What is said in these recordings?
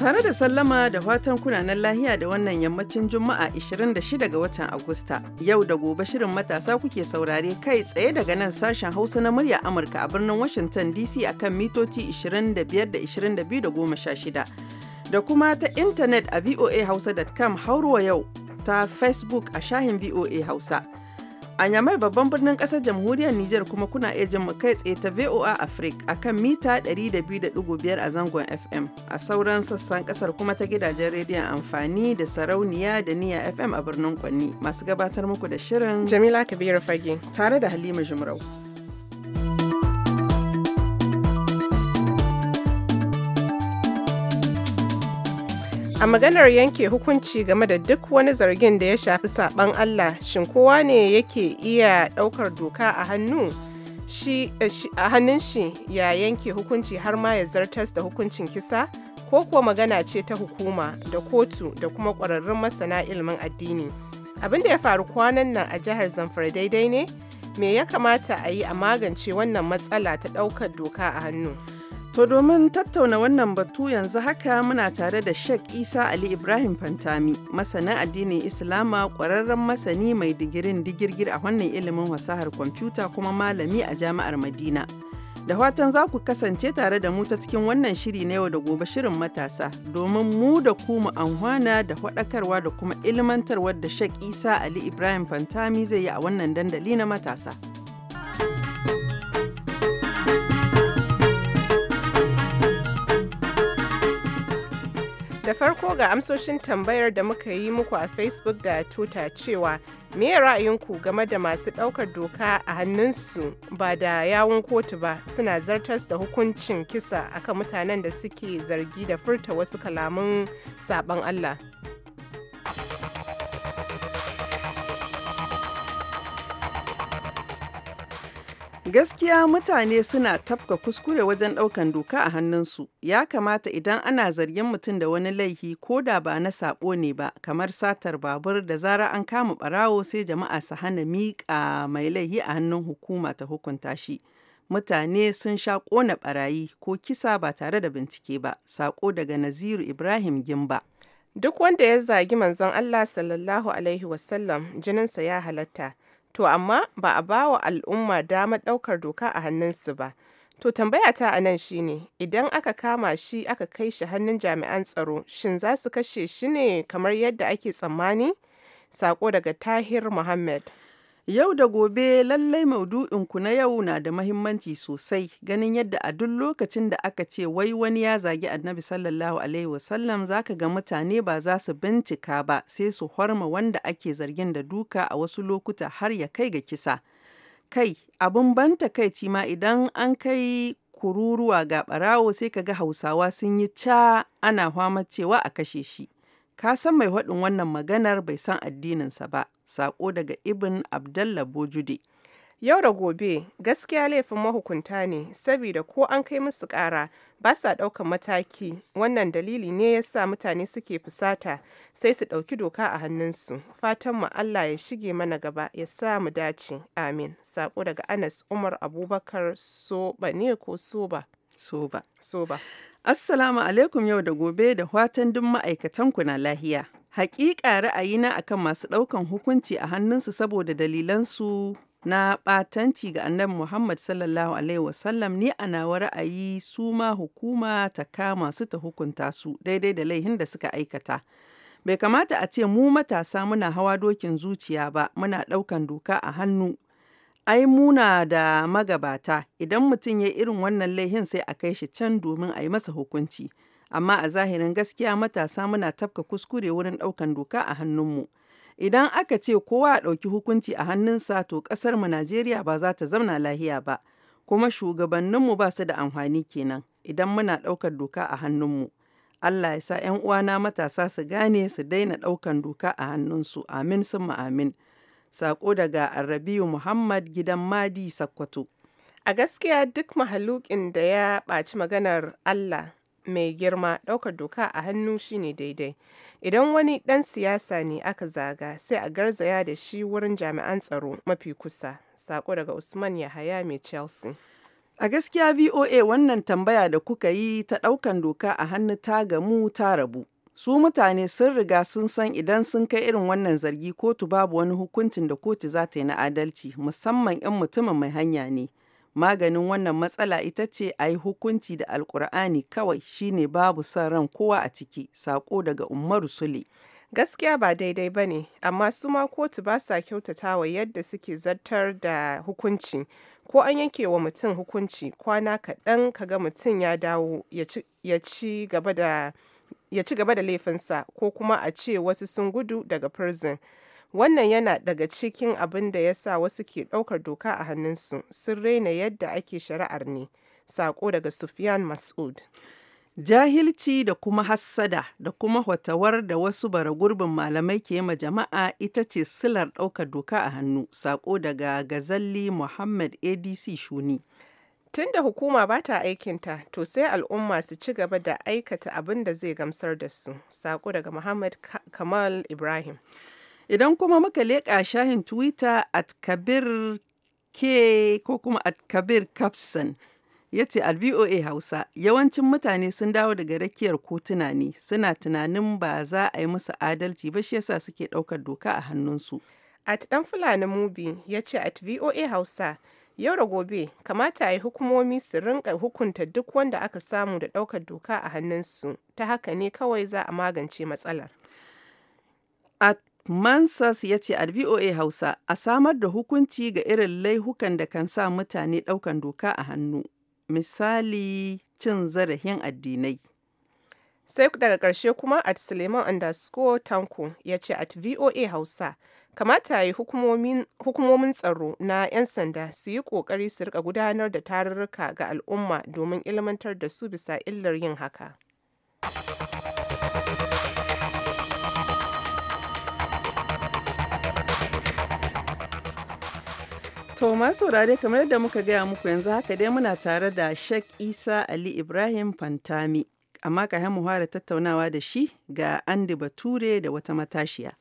Tare da sallama da fatan kunanan lahiya da wannan yammacin Juma'a 26 ga watan Agusta. Yau da gobe shirin matasa kuke saurare kai tsaye daga nan sashen Hausa na murya Amurka a birnin Washington DC akan mitoci 25 da 22 da 16. Da kuma ta intanet a voahausa.com haurwa yau ta Facebook a shahin VOA Hausa. A Nyamai babban birnin ƙasar jamhuriyar Nijar kuma kuna iya jin mu kai tsaye ta VOA Africa a kan mita 102.5 a zangon FM. A sauran sassan ƙasar kuma ta gidajen rediyon amfani da sarauniya da niya FM a birnin Kwanni. Masu gabatar muku da shirin Jamila Kabiru Fage tare da Halima Jumrau. A maganar yanke hukunci game da duk wani zargin da ya shafi saɓan Allah, shin kowa ne yake iya ɗaukar doka a hannu? Eh, a hannun shi ya yanke hukunci har ma ya zartas da hukuncin kisa ko kuwa magana ce ta hukuma da kotu da kuma ƙwararrun masana ilimin addini abin da ya faru kwanan nan a jihar zamfara daidai ne me ya kamata a yi a magance wannan matsala ta ɗaukar doka a hannu To domin tattauna wannan batu yanzu haka muna tare da Sheikh Isa Ali Ibrahim Fantami, masana addinin Islama, ƙwararren masani mai digirin digirgir a wannan ilimin fasahar kwamfuta kuma malami a Jami'ar Madina. Da watan za ku kasance tare da mu ta cikin wannan shiri na yau da gobe shirin matasa, domin mu da ku mu anhwana da faɗakarwa da kuma ilmantarwar da Sheikh Isa Ali Ibrahim Fantami zai yi a wannan dandali na matasa. Da farko ga amsoshin tambayar da muka yi muku a Facebook da Twitter cewa me ra'ayinku game da masu ɗaukar doka a hannunsu ba da yawun kotu ba suna zartas da hukuncin kisa akan mutanen da suke zargi da furta wasu kalamun sabon Allah. Gaskiya mutane suna tafka kuskure wajen ɗaukan doka a hannunsu, ya kamata idan ana zargin mutum da wani laihi ko da ba na saɓo ne ba, kamar satar babur da zara an kama ɓarawo sai jama'a su hana miƙa mai laihi a hannun hukuma ta hukunta shi. Mutane sun sha ƙona barayi ko kisa ba tare da bincike ba, saƙo daga Naziru Ibrahim Gimba. Duk wanda ya zagi manzon Allah sallallahu Alaihi wasallam jininsa ya halatta. To amma ba a ba wa al'umma damar ɗaukar doka a hannunsu ba. To tambaya ta a nan shi idan aka kama shi aka kai shi hannun jami'an tsaro, shin za su kashe shi ne kamar yadda ake tsammani? Sako daga Tahir Muhammad. Yau da gobe lallai maudu'inku na yau na da mahimmanci sosai ganin yadda a duk lokacin da aka ce wai wani ya zagi annabi sallallahu alaihi wasallam zaka ga mutane ba za su bincika ba sai su horma wanda ake zargin da duka a wasu lokuta har ya kai ga kisa. Kai abin ban takaici ma idan an kai kururuwa ga ɓarawo, sai ka ga hausawa sun yi ca ana cewa a kashe shi. Ka san mai haɗin wannan maganar bai san addininsa ba, saƙo daga Ibn Abdallah Bojude. Yau da gobe gaskiya laifin mahukunta ne saboda ko an kai musu ƙara ba sa ɗaukan mataki wannan dalili ne ya sa mutane suke fusata sai su ɗauki doka a hannunsu mu Allah ya shige mana gaba ya sa mu dace amin Saƙo daga Anas Umar Abubakar Soba ne ko Soba. Soba. Soba. Assalamu alaikum yau da gobe da watan duk ma'aikatan ku na lahiya. Hakika na akan masu ɗaukan hukunci a hannunsu saboda dalilansu na ɓatanci ga annabi Muhammad sallallahu alaihi wasallam ni a nawa ra'ayi su ma hukuma ta kama su ta hukunta su daidai da laihin da suka aikata. Bai kamata a ce mu matasa muna hawa dokin zuciya ba muna ɗaukan doka a hannu Ai muna da magabata, idan mutum ya irin wannan laihin sai a kai shi can domin a yi masa hukunci. Amma a zahirin gaskiya matasa muna tafka kuskure wurin ɗaukan doka a hannunmu. Idan aka ce kowa a ɗauki hukunci a hannunsa to ƙasarmu Najeriya ba za ta zauna lahiya ba. Kuma shugabanninmu ba su da amfani kenan idan muna ɗaukar doka a hannunmu. Allah ya sa ‘yan uwana matasa su gane su daina ɗaukan doka a hannunsu. Amin sun amin. Sako daga Rabi'u Muhammad Gidan Madi Sakkwato. A gaskiya duk mahalukin da ya ɓaci maganar Allah mai girma ɗaukar doka a hannu shine daidai. Idan wani ɗan siyasa ne aka zaga sai a garzaya da shi wurin jami'an tsaro mafi kusa. Sako daga Usman Yahaya mai Chelsea. A gaskiya VOA wannan tambaya da kuka yi ta ɗaukan doka a hannu ta gamu ta rabu. su mutane sun riga sun san idan sun kai irin wannan zargi kotu babu wani hukuncin da kotu za ta yi na adalci musamman 'yan mutumin mai hanya ne maganin wannan matsala ita ce a yi hukunci da alkur'ani kawai shine babu son ran kowa a ciki sako daga umaru sule gaskiya ba daidai ba ne amma su ma kotu ba sa kyautatawa yadda suke zartar da hukunci ko an yanke wa mutum hukunci kwana kaɗan ka ga mutum ya dawo ya ci gaba da ya ci gaba da laifinsa ko kuma a ce wasu sun gudu daga prison wannan yana daga cikin abin da ya sa wasu ke ɗaukar doka a hannunsu sun raina yadda ake shari'ar ne sako daga sufyan mas'ud jahilci da kuma hassada da kuma hotawar da wasu bara gurbin malamai ke ma jama'a ita ce silar ɗaukar doka a hannu sako daga gazalli muhammad adc shuni Tunda hukuma ba ta aikinta, to sai al'umma su ci gaba da aikata abin da zai gamsar da su. Sako daga Muhammad Kamal Ibrahim. Idan kuma muka leƙa shahin Twitter at Kabir K ko kuma at Kabir Capson. ya ce a voa hausa yawancin mutane sun dawo daga rakiyar kotuna ne suna tunanin ba za a yi musu adalci ba shi yasa suke ɗaukar doka a hannunsu at ɗan fulani mubi ya ce at voa hausa Yau da gobe kamata a yi hukumomi su rinka hukunta duk wanda aka samu da ɗaukar doka a hannunsu ta haka ne kawai za a magance matsalar. A Mansas ya ce a VOA Hausa a samar da hukunci ga irin laihukan da kan sa mutane ɗaukan doka a hannu. Misali cin zarafin addinai. Sai daga ƙarshe kuma at Suleiman underscore tanko ya ce at VOA Hausa kamata ya yi hukumomin tsaro na 'yan sanda su yi ƙoƙari su rika gudanar da tarurruka ga al'umma domin ilmantar da su bisa illar yin haka. To masu saurare kamar yadda muka gaya muku yanzu haka dai muna tare da Sheikh Isa Ali Ibrahim Fantami amma ka mu fara tattaunawa da shi ga andi Bature da wata matashiya.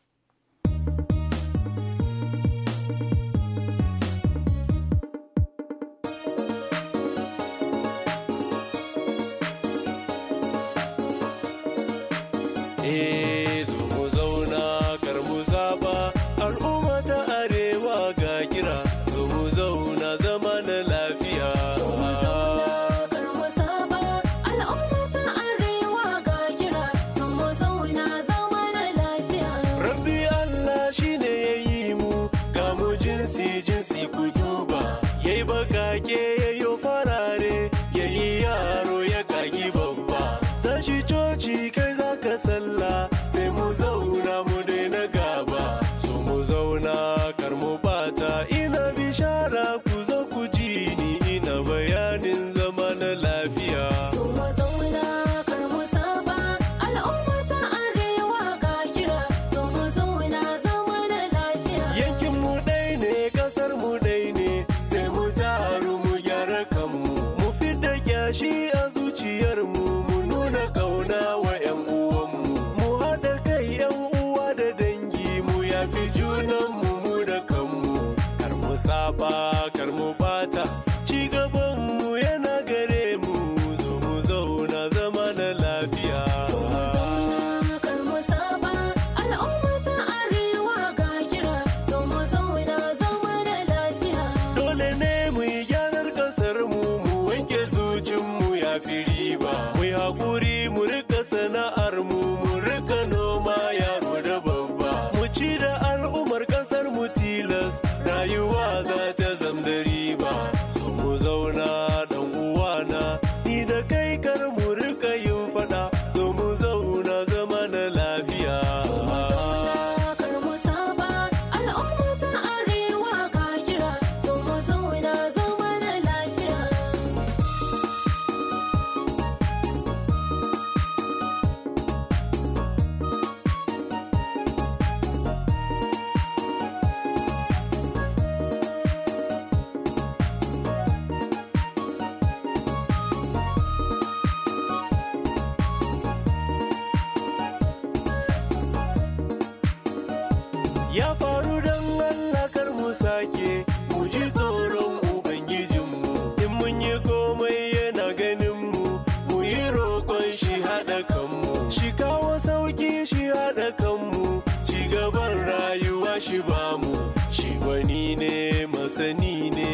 yi komai yana ganin mu mu yi roƙon shi haɗa kanmu shi kawo sauƙi shi haɗa kanmu ci gaban rayuwa shi bamu shi wani ne masani ne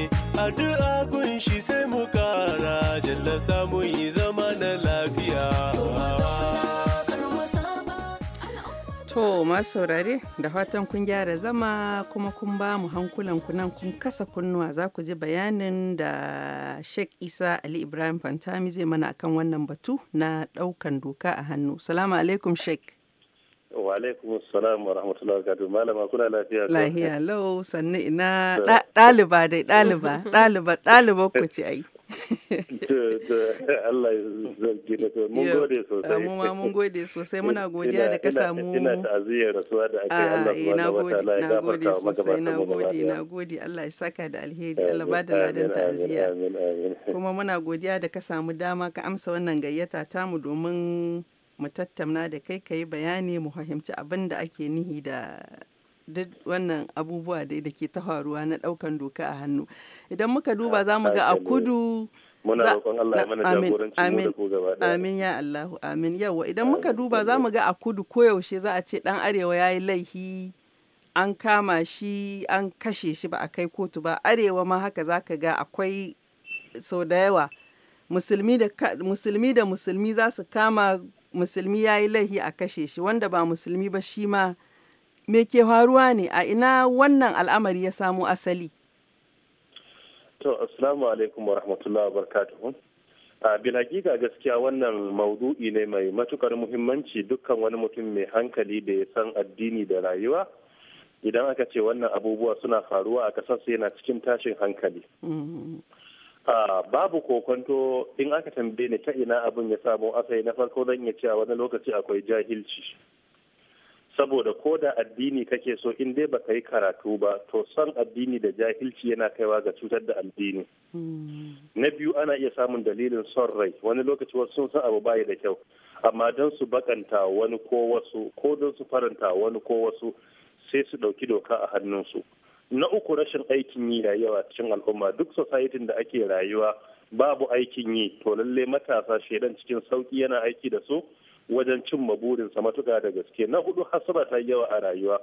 addu'a kun shi sai mu kara jalla samu yi zama na lafiya To masu saurare da fatan kun gyara zama kuma kun ba mu hankulan nan kun kasa kunnuwa za ku ji bayanin da Sheikh Isa Ali Ibrahim Fantami zai mana akan wannan batu na ɗaukan doka a hannu. Salamu alaikum Sheikh. Wa alaikum salam wa rahmatullahi wa Malama kuna lafiya. Lahiya lau sannu ina ɗaliba dai daliba daliba daliba ku ci ai. Allah ya mun gode sosai. Mu ma mun gode sosai muna godiya da ka samu. Ina da ake Allah eh, ya gafarta wa Na gode na gode Allah ya saka da alheri Allah ba da ladan ta'aziyya. Kuma muna godiya da ka samu dama ka amsa wannan gayyata tamu domin mu tattauna da kai ka yi bayani mu fahimci abin da ake nihi da duk wannan abubuwa dai da ke tafaruwa na ɗaukan doka a hannu idan muka duba za mu ga a kudu muna roƙon amin ya Allahu amin yawa idan muka duba za mu ga a kudu koyaushe za a ce ɗan arewa ya yi laihi an kama shi an kashe shi ba a kai kotu ba arewa ma haka za ka ga akwai sau da yawa musulmi da musulmi za su kama musulmi ya yi laihi a kashe shi wanda ba musulmi ba shi ma me ke faruwa ne a ina wannan al'amari ya samu asali to assalamu alaikum wa rahmatullahi wa a bin hakika gaskiya wannan maudu'i ne mai matukar muhimmanci dukkan wani mutum mai hankali da ya san addini da rayuwa idan aka ce wannan abubuwa suna faruwa a kasarsa yana cikin tashin hankali mm-hmm. babu kokonto in aka tambaye ni ta ina abin ya samu asali na farko zan iya a wani lokaci akwai jahilci saboda ko da addini kake so in dai baka yi karatu ba to son addini da jahilci yana kaiwa ga cutar da addini mm. na biyu ana iya samun dalilin son rai wani lokaci wasu sun abu bayi da kyau amma don su bakanta wani ko wasu ko don su faranta wani ko wasu sai su ɗauki doka a hannunsu na uku rashin aikin yi ya yawa cikin al'umma duk society da ake rayuwa babu aikin yi to lalle matasa shaidan cikin sauki yana aiki da su wajen cimma burinsa matuka da gaske na hudu hasara ta yawa a rayuwa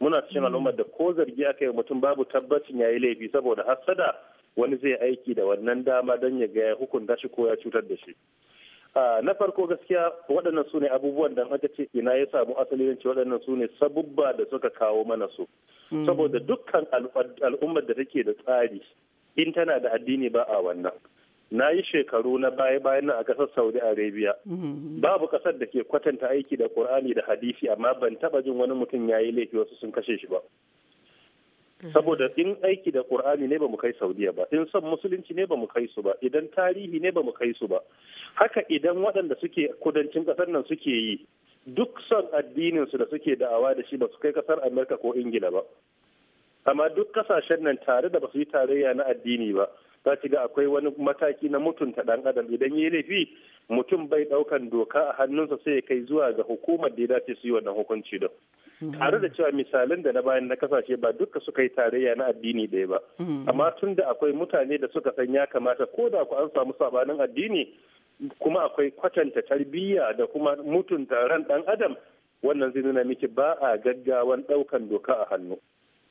muna cikin mm. al'ummar da ko zargi aka yi mutum babu tabbacin ya yi laifi saboda hasada wani zai aiki da wannan dama don ya ga ya hukunta shi ko ya cutar da shi na farko gaskiya waɗannan su ne abubuwan da aka ce ina ya samu asali ce waɗannan su ne sabubba da suka kawo mana su hmm. saboda dukkan al'ummar da take da tsari in tana da addini ba a wannan na yi shekaru na baya bayan nan a ƙasar saudi arabia hmm. babu ƙasar da ke kwatanta aiki da ƙur'ani da hadisi amma ban taɓa jin wani mutum ya yi laifi wasu sun kashe shi ba Mhm. saboda in aiki da qur'ani ne ba mu kai saudiya ba in son musulunci ne ba mu kai su ba idan tarihi ne ba mu kai su ba haka idan waɗanda suke kudancin ƙasar nan suke yi duk son addinin su da suke da'awa da shi ba su kai ƙasar amurka ko ingila ba amma duk ƙasashen nan tare da ba su yi tarayya na addini ba za ki ga akwai wani mataki na mutunta ɗan adam idan ya laifi mutum bai ɗaukan doka a hannunsa sai ya kai zuwa ga hukumar da ya dace su yi wannan hukunci da Mm-hmm. tare da cewa misalin da na bayan na kasashe ba duka suka yi tarayya na addini ɗaya ba mm-hmm. amma tun da akwai mutane da suka san ya kamata ko da ku an samu sabanin addini kuma akwai kwatanta tarbiyya da kuma mutunta ran ɗan adam wannan zai nuna miki ba a gaggawan ɗaukan doka a hannu.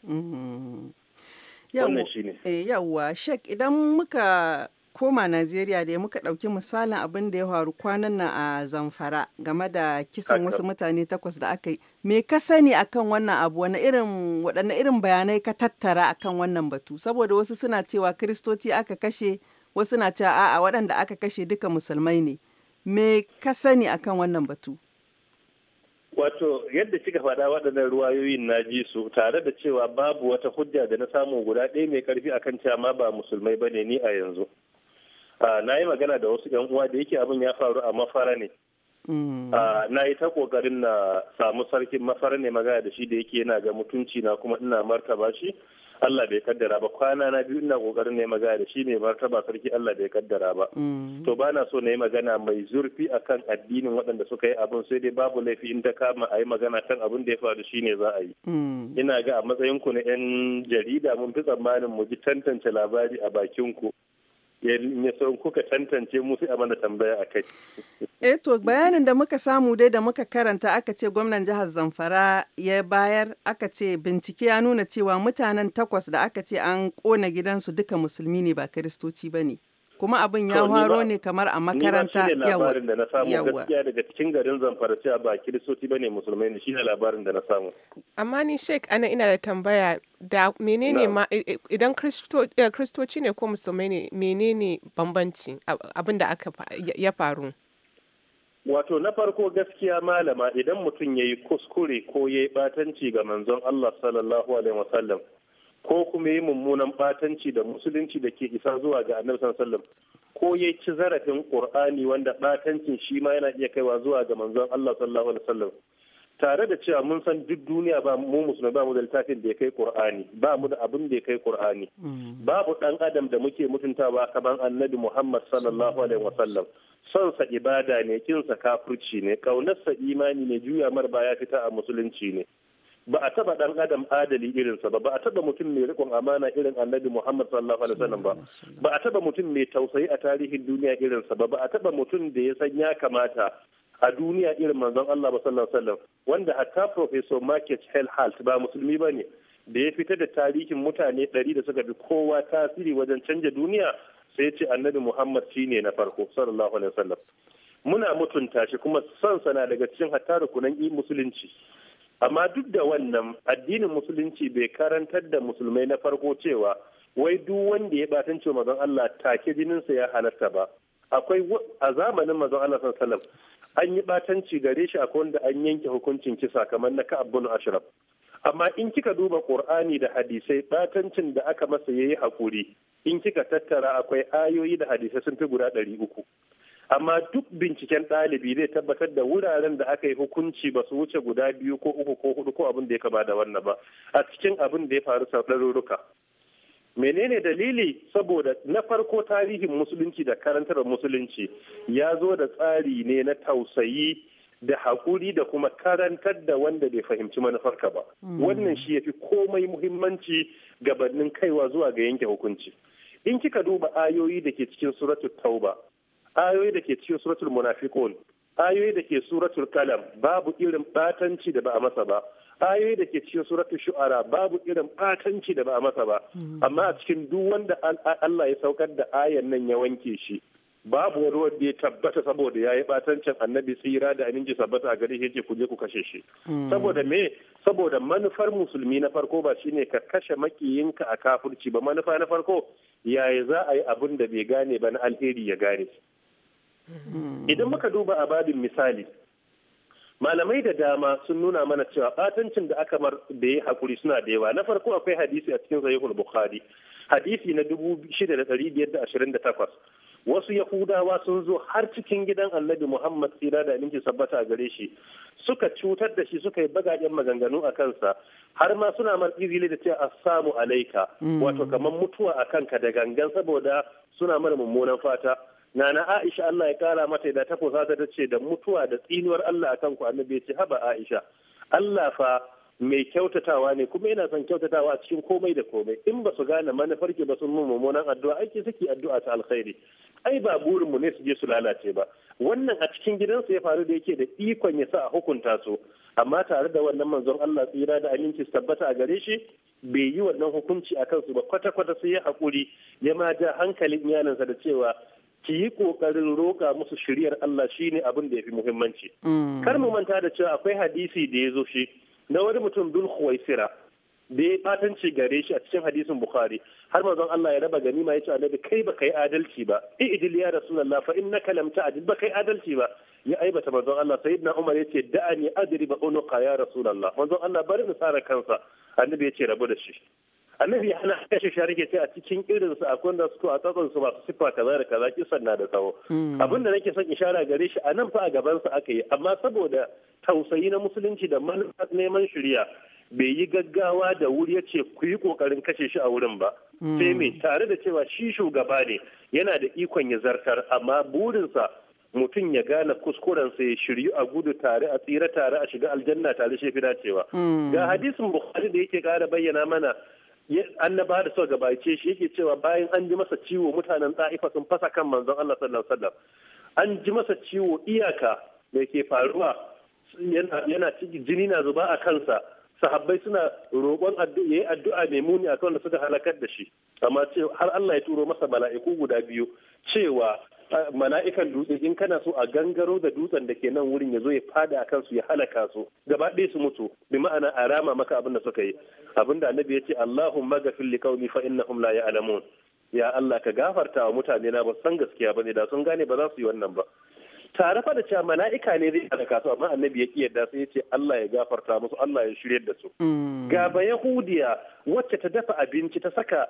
Mm-hmm. Yawwa, eh, Shek idan muka koma Najeriya da muka ɗauki misalin abin da ya faru kwanan nan a Zamfara game da kisan wasu mutane takwas da aka yi. Me ka sani akan wannan abu wani irin waɗanne irin bayanai ka tattara akan wannan batu saboda wasu suna cewa Kiristoci aka kashe wasu na cewa a'a waɗanda aka kashe duka musulmai ne. Me ka sani akan wannan batu? Wato yadda kika faɗa waɗannan ruwayoyin na ji su tare da cewa babu wata hujja da na samu guda ɗaya mai ƙarfi akan cewa ma ba musulmai bane ni a yanzu. Ah, na yi magana da wasu yan uwa da yake abin ya faru a mafara ne mm. ah, na yi ta kokarin na samu sarkin mafara ne magana da shi da yake yana ga mutunci na kuma ina martaba shi Allah bai kaddara ba kwana na biyu ina kokarin yi magana da shi ne martaba sarki Allah bai kaddara ba mm. to ba na so na yi magana mai zurfi akan addinin waɗanda suka yi abin sai dai babu laifi in ta kama a yi magana kan abin da ya faru shi ne za a yi mm. ina ga a matsayin ku na yan jarida mun fi tsammanin mu ji tantance labari a bakin ku ya san kuka tantance musu a mana tambaya a kai. e to bayanin da muka samu dai da muka karanta aka ce gwamnan jihar Zamfara ya bayar aka ce bincike ya nuna cewa mutanen takwas da aka ce an kona gidansu duka musulmi ne ba kiristoci ba ne. kuma abin ya faro ne kamar a makaranta yawa labarin da na samu gaskiya daga cikin garin zamfara cewa ba kiristoci bane musulmai ne shine labarin da na samu amma ni sheik ana ina da tambaya da menene ma idan eh, kristoci ne ko musulmai ne menene bambanci abin da aka ya faru Wato na farko gaskiya malama idan mutum yayi kuskure ko yayi batanci ga manzon Allah sallallahu Alaihi wasallam ko kuma yi mummunan batanci da musulunci da ke isa zuwa ga annabi sallallahu ko ya ci zarafin qur'ani wanda batancin shi ma yana iya kaiwa zuwa ga manzon Allah sallallahu alaihi wasallam tare da cewa mun san duk duniya ba mu musulmai ba mu da littafin da ya kai qur'ani ba mu da abin da ya kai qur'ani mm. babu dan adam da muke mutuntawa kaman annabi Muhammad sallallahu alaihi wasallam son sa ibada ne kinsa kafirci ne kaunarsa imani ne juya mar baya fita a musulunci ne ba a taba dan adam adali irinsa ba ba a taba mutum mai rikon amana irin annabi muhammad sallallahu alaihi wasallam ba ba a taba mutum mai tausayi a tarihin duniya irinsa ba ba a taba mutum da ya san ya kamata a duniya irin manzon allah ba sallallahu alaihi wasallam wanda hatta professor market helhalt ba musulmi bane da ya fitar da tarihin mutane ɗari da suka bi kowa tasiri wajen canja duniya sai ce annabi muhammad shine na farko sallallahu alaihi wasallam muna mutunta shi kuma son sana daga cikin hatta rukunan musulunci amma duk da wannan addinin musulunci bai karantar da musulmai na farko cewa wai duk wanda ya batun cewa mazan Allah take jininsa ya halatta ba akwai a zamanin mazan Allah sallam an yi batanci gare shi akwai wanda an yanke hukuncin kisa kamar na Ka'ab bin Ashraf amma in kika duba Qur'ani da hadisai batancin da aka masa yayi hakuri in kika tattara akwai ayoyi da hadisai sun fi guda ɗari uku amma duk binciken ɗalibi zai tabbatar da wuraren da aka yi hukunci ba su wuce guda biyu ko uku ko hudu ko abin da ya kama da wannan ba a cikin abin da ya faru sau ɗaruruka menene dalili saboda na farko tarihin musulunci da karantar musulunci ya zo da tsari ne na tausayi da haƙuri da kuma karantar da wanda bai fahimci manufarka ba hmm. wannan shi ya fi komai muhimmanci gabanin kaiwa zuwa ga yanke hukunci in kika duba ayoyi da ke cikin suratul tauba ayoyi da ke cikin suratul munafiqun ayoyi da ke suratul kalam babu irin batanci da ba a masa ba ayoyi da ke cikin suratul shu'ara babu irin batanci da ba a masa ba hmm. amma a cikin duk wanda Allah ya saukar da ayan nan ya wanke shi babu wani wanda ya tabbata saboda ya yi batancin annabi tsira da aminci sabbata a gari yake kuje ku kashe shi hmm. saboda me saboda manufar musulmi na farko ba shine ka kashe makiyinka a kafurci ba manufa na farko yaya za a yi abin da bai gane ba na alheri ya gane Hmm. Idan muka duba a babin misali, malamai da dama sun nuna mana cewa batancin da aka mar da ya hakuri suna da yawa. Na farko akwai hadisi a cikin Sahihul Bukhari, hadisi na dubu shida da ɗari biyar da ashirin da takwas. Wasu Yahudawa sun zo har cikin gidan Annabi Muhammad tsira da aminci sabbata a gare shi. Suka cutar da shi suka yi bagajen maganganu a kansa har ma suna mar da cewa samu alaika hmm. wato kamar mutuwa a kanka da gangan saboda suna mara mummunan fata. nana aisha allah ya kara mata da ta kusa ta ce da mutuwa da tsinuwar allah akan ku annabi ce haba aisha allah fa mai kyautatawa ne kuma yana son kyautatawa a cikin komai da komai in ba su gane manufar ki ba sun mun mummunan addu'a ake suke addu'a ta alkhairi ai ba burin mu ne su je su lalace ba wannan a cikin gidansu ya faru da yake da ikon ya sa a hukunta su amma tare da wannan manzon Allah tsira da aminci su tabbata a gare shi bai yi wannan hukunci akan su ba kwata-kwata sai ya haƙuri ya ma ja hankalin iyalinsa da cewa ki yi kokarin roka musu shiriyar Allah shi ne abin da ya fi muhimmanci mm. kar mu manta da cewa akwai hadisi da ya zo shi na wani mutum dul huwaisira da ya batanci gare shi a cikin hadisin bukhari har manzon Allah ya raba ganima ya ce annabi kai ba kai adalci ba i'dil ya rasulullah fa na lam a ba kai adalci ba ya aibata manzon Allah sai na Umar yace da'ani ba unuka ya rasulallah. manzon Allah bari mu tsara kansa annabi ce rabu da shi annabi ya kashe shari ke a cikin irin su akwai da su a tsatsan su masu siffa kaza da kaza kisan na da tsawo hmm. abin da nake son ishara gare shi a nan fa a gaban su aka yi amma saboda tausayi na musulunci da manufar neman shirya bai yi gaggawa da wuri ya ce ku yi kokarin kashe shi a wurin ba hmm. sai me tare da cewa shi shugaba ne yana da ikon ya zartar amma burinsa mutum ya gane kuskurensa ya shiryu a gudu tare a tsira tare a shiga aljanna tare shi fi dacewa hmm. ga hadisin bukhari da yake kara bayyana mana annaba da suka gabace shi yake cewa bayan an ji masa ciwo mutanen ta'ifa sun fasa kan manzon Allah sallallahu alaihi wasallam an ji masa ciwo iyaka da ke faruwa yana jini na zuba a kansa sahabbai suna roƙon yayi addu'a mai muni a akan da suka halakar da shi amma har Allah ya turo masa mala'iku guda biyu cewa mala'ikan dutse in kana so a gangaro da dutsen da ke nan wurin ya zo ya fada akan su ya halaka su gaba ɗaya su mutu bi ma'ana a rama maka abin da suka yi abin da annabi ya ce Allahumma magafin li qaumi fa innahum la ya'lamun ya Allah ka gafarta wa mutane na ba san gaskiya ne, da sun gane ba za su yi wannan ba tare fa da cewa mala'ika ne zai kada kasu amma annabi ya kiyarda sai ya ce Allah ya gafarta musu Allah ya shirye da su mm. ga ba yahudiya wacce ta dafa abinci ta saka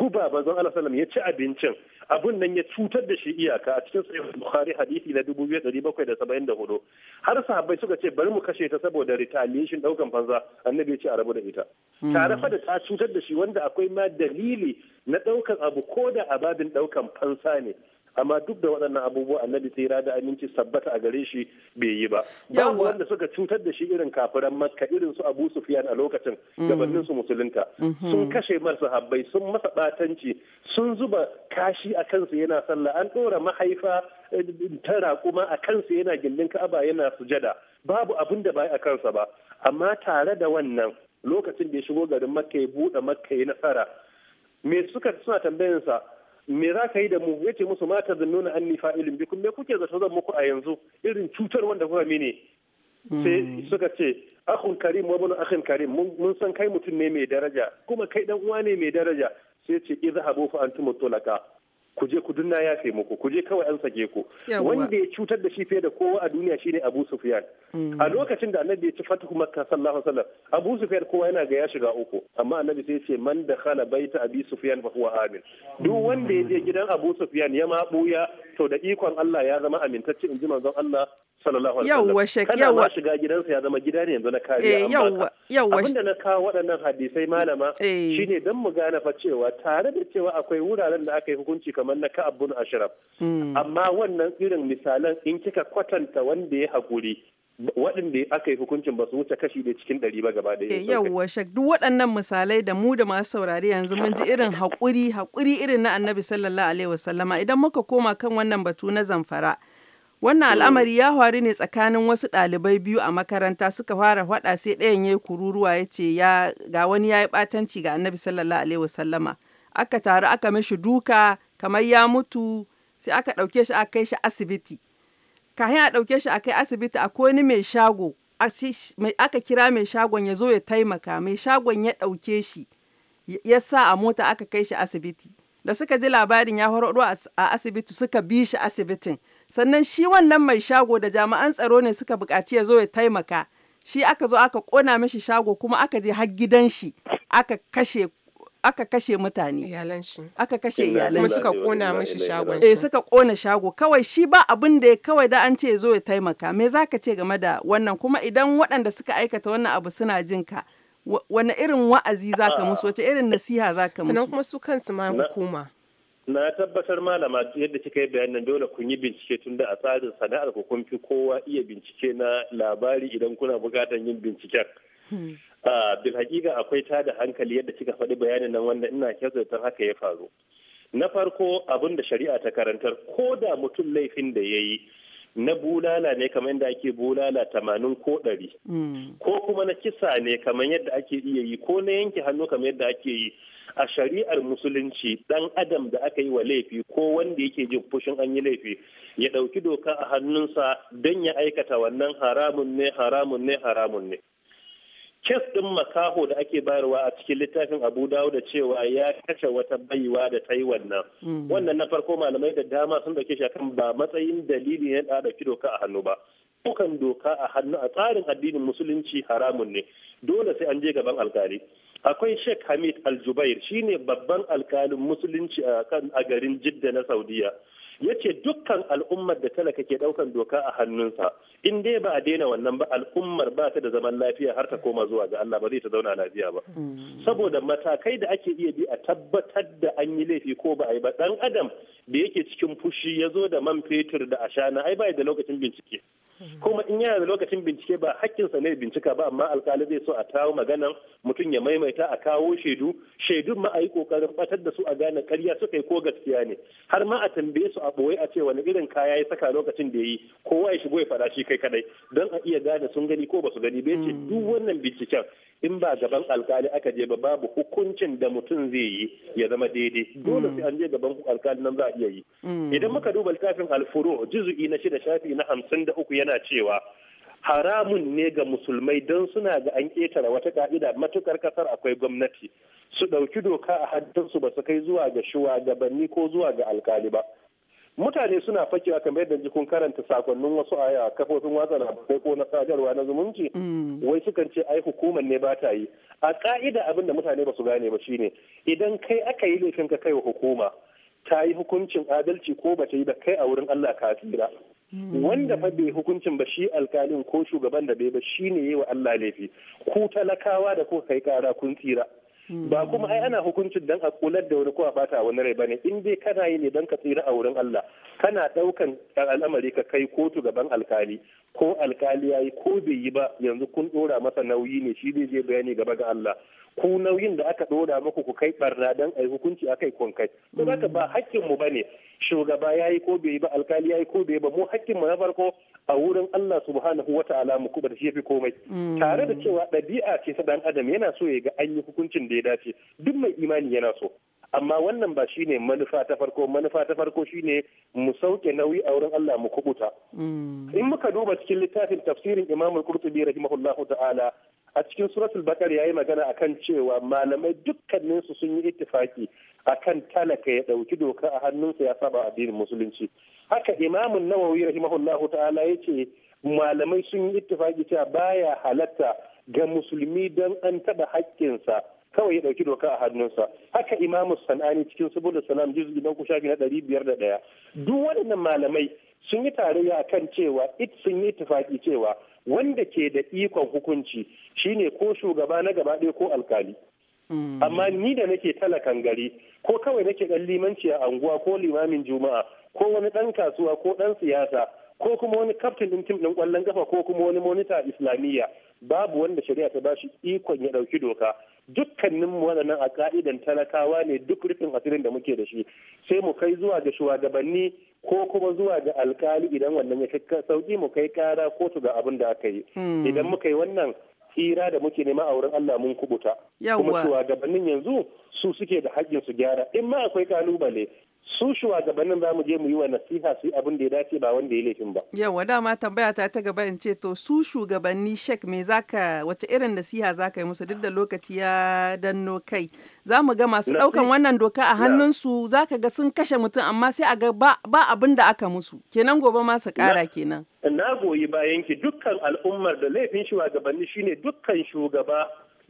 guba bazan Allah sallam ya ci abincin abun nan ya cutar da shi iyaka a cikin sahih bukhari hadisi na 2774 har sahabbai suka ce bari mu kashe ta saboda retaliation daukan banza annabi ya ce a rabu da ita mm. tare fa da ta cutar da shi wanda akwai ma dalili na daukan abu ko da ababin daukan fansa ne amma duk da waɗannan abubuwa annabi tsira da aminci sabbata a gare shi bai yi ba ba wanda suka cutar da shi irin kafiran makka irin su abu sufiyan a lokacin mm. gabanin su musulunta mm-hmm. sun kashe masa habbai sun masa batanci sun zuba kashi a kansu yana sallah an ɗora mahaifa eh, ta raƙuma a kansu yana gindin ka'aba yana sujada babu abin da bai a kansa ba amma tare da wannan lokacin da ya shigo garin makka ya buɗe makka ya nasara me suka suna tambayansa me za ka yi da mu yace musu mata nuna anni ilin bikin me kuke zato zan muku a yanzu irin cutar wanda kuka mini. sai hmm. suka ce akun karim wa bunu akhin karim mun san kai mutum ne mai daraja kuma kai dan uwa ne mai daraja sai ce idhabu fa antum tulaka ku je ku dunna ya muku ku je kawai an sake ku wanda ya cutar da shi fiye da kowa a duniya shine Abu Sufyan mm. a lokacin da Annabi ya ci fatahu Makka sallallahu alaihi wasallam Abu Sufyan kowa yana ga ya shiga uku amma Annabi sai ya ce man da khala baita Abi Sufyan fa huwa amin duk wanda ya je gidan Abu Sufyan ya ma buya to da ikon Allah ya zama amintacce inji manzon Allah sallallahu alaihi yawwa shek yawwa shiga gidansa ya zama gida ne yanzu na kariya eh, yawwa yawwa abinda na kawo waɗannan hadisai malama eh. shine dan mu gane fa cewa tare da cewa akwai wuraren da aka yi hukunci kamar na Ka'ab bin Ashraf hmm. amma wannan irin misalan in kika kwatanta wanda ya hakuri waɗanda aka yi hukuncin ba su wuce kashi da cikin ɗari ba gaba ɗaya. Eh, yawwa shak duk waɗannan misalai da mu da masu saurari yanzu mun ji irin haƙuri haƙuri irin na annabi sallallahu alaihi wasallama idan muka koma kan wannan batu na zamfara. Wannan mm. al'amari ya faru ne tsakanin wasu ɗalibai biyu a makaranta suka fara faɗa sai ɗayan ya yi kururuwa ya ce ga wani ya yi ɓatanci ga annabi sallallahu alaihi wasallama. Aka taru aka mishi duka kamar ya mutu sai aka ɗauke shi aka kai shi asibiti. Kahin a ɗauke shi a kai asibiti akwai wani mai shago aka kira mai shagon ya zo ya taimaka mai shagon ya ɗauke shi ya sa a mota aka kai shi asibiti. Da suka ji labarin ya horo a asibiti suka bi shi asibitin. sannan shi wannan mai shago da jami'an tsaro ne suka buƙaci ya zo ya taimaka shi aka zo aka ƙona mishi shago kuma aka je har gidan shi aka kashe aka kashe mutane aka kashe iyalan kuma suka kona mishi shago eh suka kona shago kawai shi ba abin da kawai da an ce ya zo ya taimaka me zaka ce game da wannan kuma idan waɗanda suka aikata wannan abu suna jin ka wani irin wa'azi zaka musu wace irin nasiha zaka musu sannan kuma su kansu ma hukuma na tabbatar malama yadda kika yi bayanan dole kun yi bincike tun da a tsarin sana'ar ku kun fi kowa iya bincike na labari idan kuna buƙatar yin binciken hmm. bil hakika akwai tada hankali yadda kika faɗi bayanin nan wanda ina kyautar haka ya faru na farko abin da shari'a ta karantar ko da mutum laifin da ya yi na bulala ne kamar yadda ake bulala tamanin ko ɗari hmm. ko kuma na kisa ne kamar yadda ake iya yi ko na yanke hannu kamar yadda ake yi a shari'ar musulunci ɗan adam da aka yi wa laifi ko wanda yake jin fushin an yi laifi ya ɗauki doka a hannunsa don ya aikata wannan haramun ne haramun ne haramun ne kes ɗin makaho da ake bayarwa a cikin littafin abu dawo da cewa ya kashe wata baiwa da ta yi wannan mm. wannan na farko malamai da dama sun dauke shi kan. ba matsayin dalili ya da dauki doka a hannu ba dukan doka a hannu a tsarin addinin musulunci haramun ne dole sai an je gaban alkali akwai sheikh hamid aljubair shine babban alkalin musulunci a garin jidda na saudiya ya ce dukkan al'ummar da talaka ke daukan doka a hannunsa in dai ba a daina wannan ba al'ummar ba ta da zaman lafiya har ta koma zuwa ga Allah ba zai ta zauna lafiya ba hmm. saboda matakai da ake iya bi a tabbatar da an yi laifi ko ba a yi ba dan adam da yake cikin fushi ya zo da man fetur da ashana ai ba da lokacin bincike hmm. kuma in yana da lokacin bincike ba hakkinsa ne bincika ba amma alkali zai so a tawo maganan mutum ya maimaita a kawo shaidu shaidun ma a yi kokarin batar da su a gane karya suka yi ko gaskiya ne har ma a tambaye su a ɓoye a ce wani irin kaya ya saka lokacin da ya yi kowa ya shigo ya faɗa shi kai kadai don a iya gane sun gani ko ba su gani bai ce mm. duk wannan binciken in ba gaban alkali aka je ba babu hukuncin da mutum zai yi ya zama daidai mm. dole sai an je gaban alkali nan za a iya yi mm. idan muka duba littafin alfuro juzu'i na shida shafi na hamsin da uku yana cewa haramun ne ga musulmai don suna ga an ƙetare wata ka'ida matukar kasar akwai gwamnati su ɗauki doka a hannunsu ba su kai zuwa ga shuwagabanni ko zuwa ga alkali ba mutane suna fakewa kamar yadda jikun karanta sakonnin wasu a kafofin watsa labarai ko na sadarwa na zumunci mm. wai sukan ce ai hukumar ne ba ta yi a ka'ida abin da mutane ba su gane ba shine idan kai aka yi laifin ka kai wa hukuma ta yi hukuncin adalci ko ba ta yi ba kai a wurin Allah ka tsira mm. wanda fa bai hukuncin ba shi alkalin ko shugaban da bai ba shine yi wa Allah laifi ku talakawa da kuka kai kara kun tsira ba kuma ai ana hukuncin dan a kular da wani ko a bata wani rai bane in dai kana yi ne dan ka tsira a wurin Allah kana daukan al'amari ka kai kotu gaban alkali ko alkali yayi ko bai yi ba yanzu kun dora masa nauyi ne shi zai je bayani gaba ga Allah ku nauyin da aka ɗora maku ku kai barna don a yi hukunci a kai ba za ka ba hakkin mu ne shugaba ya yi ko bai ba alkali yi ko bai ba mu hakkin mu na farko a wurin Allah subhanahu ta'ala mu kuɓar shi fi komai mm. tare da cewa ɗabi'a ce ta ɗan adam yana so ya ga an yi hukuncin da ya dace duk mai imani yana so amma wannan ba shine manufa ta farko manufa ta farko shine mu sauke nauyi a wurin Allah mu kubuta hmm. in muka duba cikin littafin tafsirin Imam Al-Qurtubi rahimahullahu ta'ala a cikin suratul bakar yayi magana akan cewa malamai dukkanin su sun yi ittifaki akan talaka ya dauki doka a hannunsa ya saba addinin musulunci haka Imam An-Nawawi rahimahullahu ta'ala yace malamai sun yi ittifaki cewa baya halatta ga musulmi don an taba haƙƙinsa kawai ya ɗauki doka a hannunsa haka imamu sanani cikin saboda salam juz'i na ku shafi na ɗari biyar da ɗaya duk waɗannan malamai sun yi tarayya a kan cewa it sun yi tufaƙi cewa wanda ke da ikon hukunci shine ko shugaba na gaba ɗaya ko alkali hmm. amma ni da nake talakan gari ko kawai nake ɗan limanci a anguwa ko limamin juma'a ko wani ɗan kasuwa ko ɗan siyasa ko kuma wani kaftin ɗin tim ɗin ƙwallon kafa ko kuma wani monita islamiyya babu wanda shari'a ta bashi ikon ya ɗauki doka dukkanin waɗannan a ka'idan talakawa ne duk rufin asirin da muke da shi sai mu kai zuwa ga shugabanni ko kuma zuwa ga alkali idan wannan ya sauki mu kai kara kotu ga abin da aka yi hmm. idan muka yi wannan hira da muke nema a wurin Allah mun kubuta kuma shugabannin yanzu su suke da haƙƙin su gyara in ma akwai kalubale su shugabannin za mu je mu yi wa nasiha su yi abin da ya dace ba wanda ya laifin ba. Yau, wa dama tambaya ta ta gaba in ce to su shugabanni shek me zaka wace irin nasiha za ka yi musu duk da lokaci ya danno kai. Za mu ga masu ɗaukan wannan doka a hannunsu za ka ga sun kashe mutum amma sai a ga ba abin da aka musu. Kenan gobe ma su kara kenan. Na goyi bayan ki dukkan al'ummar da laifin shugabanni shine dukkan shugaba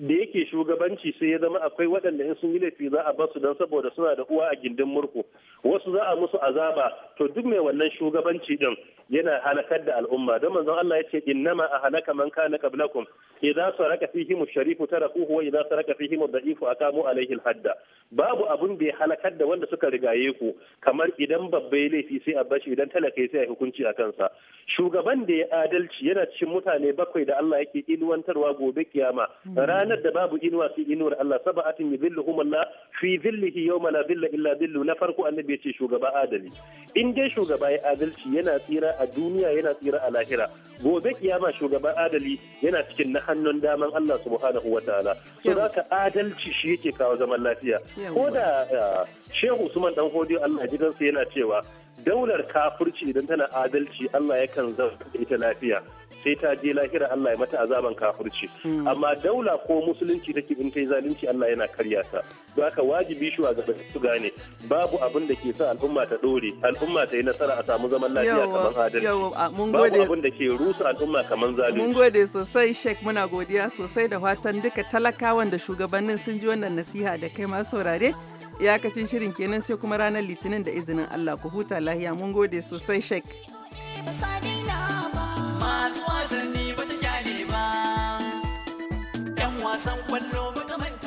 da yake shugabanci sai ya zama akwai waɗanda in sun yi laifi za a basu don saboda suna da uwa a gindin murku wasu za a musu azaba to duk mai wannan shugabanci din yana halakar da al'umma don manzon Allah ya ce innama a halaka man kana qablakum su raka fihim sharifu tarakuhu wa idza saraka fihim ad-da'ifu akamu alaihi al-hadda babu abun da ya halakar da wanda suka rigaye ku kamar idan babba ya laifi sai a bashi idan talaka sai a hukunci a kansa shugaban da ya adalci yana cikin mutane bakwai da Allah yake inuwantarwa gobe kiyama ranar da babu inuwa sai inuwar Allah sab'atin yadhilluhum Allah fi dhillihi yawma la dhilla illa dhillu na farko annabi ya ce shugaba adali in dai shugaba ya adalci yana tsira a duniya yana tsira a lahira gobe kiyama shugaba adali yana cikin na hannun daman Allah subhanahu wa ta'ala so zaka adalci shi yake kawo zaman lafiya ko da eh, Shehu Usman dan hodi Allah gidansa yana cewa daular kafirci idan tana adalci Allah yakan zama ita lafiya sai ta je lahira Allah ya mata azaban kafirci hmm. amma daula ko musulunci take in kai zalunci Allah yana karya ta don haka wajibi shi ga su gane babu abin da ke sa al'umma ta dore al'umma ta yi nasara a samu zaman lafiya kamar adalci babu abin da ke rusa al'umma kamar zalunci mun gode sosai shek muna godiya sosai da fatan duka talakawan da shugabannin sun ji wannan nasiha da kai masu saurare iyakacin shirin kenan sai kuma ranar litinin da izinin Allah ku huta lahiya mun gode sosai shek. masu wasanni ba ta kyale ba 'yan wasan kwallo ba ta manta